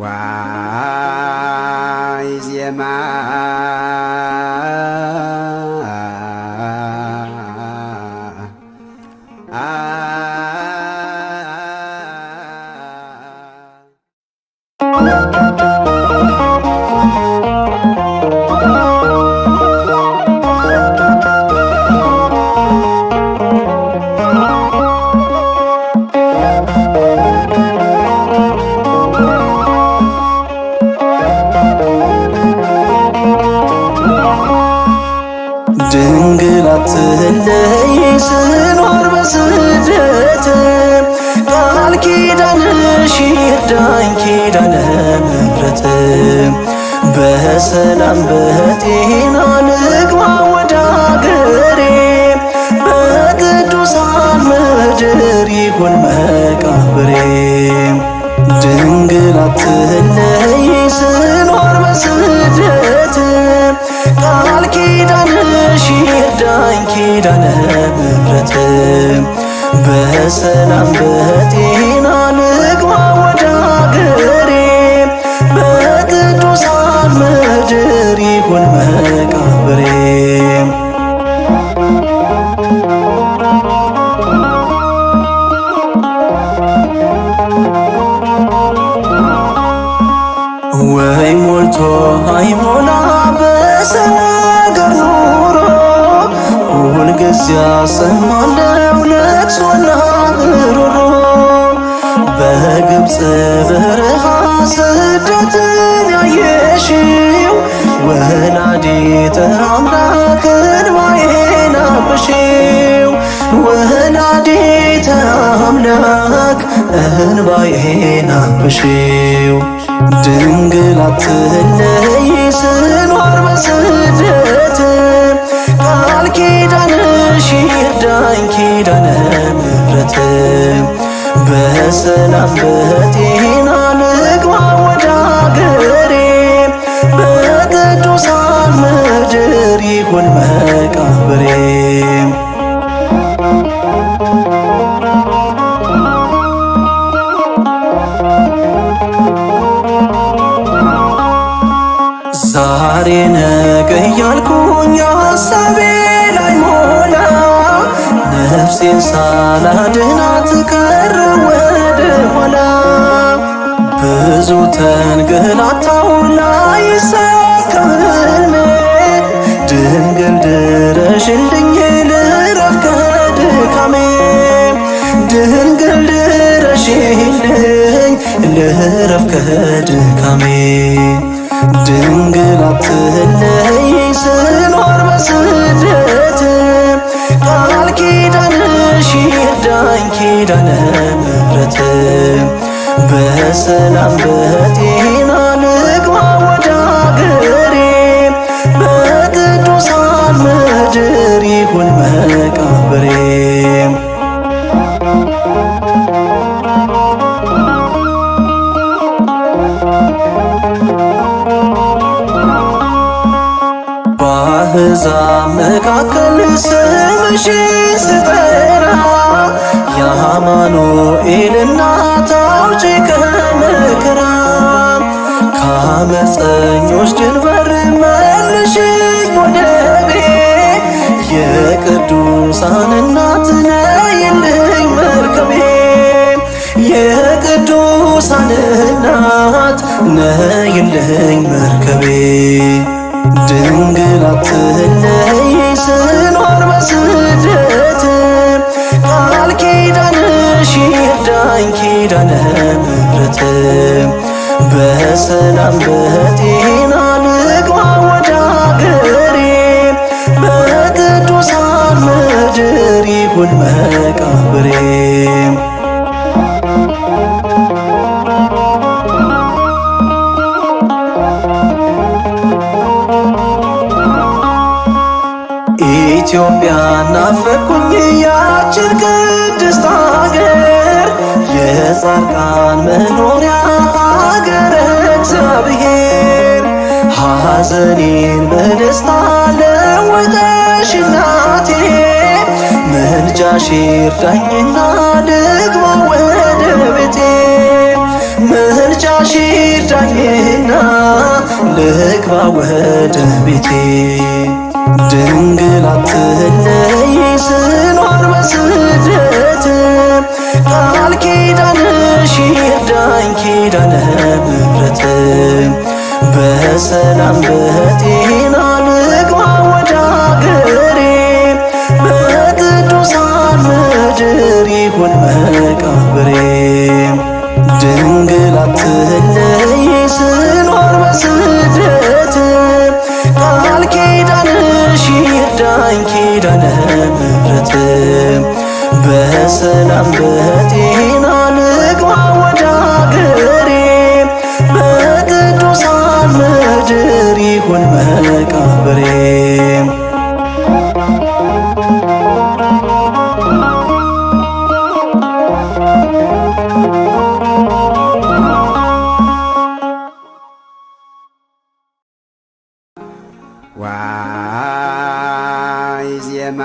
ዋይ ዜማ ድንግል አትለይ ስኖር በስደት ቃል ኪዳንሽ ይርዳኝ ኪዳነ ምሕረት በሰላም በጤና ንግባ ወደ አገሬ በቅዱሳን ምድር ይሁን መቃብሬ ድንግል አትለይ በሰላም በጤና ልግባ ወደ አገሬ በቅዱሳን ምድር ይሁን መቃብሬ ወይ ሞልቶ አይሞላ በሰገር ኑሮ ሁልጊዜ ያሰማል በግብፅ በረሃ ስደትን ያየሽው ወላዲተ አምላክ እንባዬን አብሺው ወላዲተ አምላክ እንባዬን አብሺው ድንግል አትለይ ስኖር በስደት ቃል ኪዳንሽ ይርዳኝ ኪዳነ ምሕረት በሰላም በጤና ልግባ ወደ አገሬ በቅዱሳን ምድር ይሁን መቃብሬ ዛሬ ነገ እያልኩኝ አሳቤ ነፍሴን ሳላድናት ቀረ ወደ ኋላ ብዙ ተንገላታው ላይ ድንግል ድረሽልኝ ልረፍ ከድካሜ ድንግል ድረሽልኝ ልረፍ ከድካሜ ድንግል አትለይ ስኖር በስደት ቃል ኪዳነ ምሕረት በሰላም በጤና ልግባ ወደ አገሬ በቅዱሳን ምድር ይሁን መቃብሬ አሕዛብ መካከል ስምሽን ስጠራ የአማኑኤል እናት አውጪ ከመከራ ከአመፀኞች ጀንበር መልሽኝ ወደ ቤት የቅዱሳን እናት ነይልኝ መርከቤ የቅዱሳን እናት ነይልኝ መርከቤ ክለይ ስኖር በስደት ቃል ኪዳንሽ ይርዳኝ ኪዳነ ምሕረት በሰላም በጤ ኢትዮጵያ ናፈቁኝ ያችን ቅድስት አገር የጻድቃን መኖሪያ አገር እግዚአብሔር ሐዘኔን በደስታ ለወጠሽ እናቴ መንጃሽ እርዳኝና ልግባ ወደ ቤቴ መንጃሽ እርዳኝና ልግባ ወደ ቤቴ ድንግል አትለይ ስኖር በስደት ቃል ኪዳንሽ ይርዳኝ ኪዳነ ምሕረት በሰላም በጤ ሰላም በጤና ልግባ ወደ አገሬ ምድር ይሁን መቃብሬ ዋይ ዜማ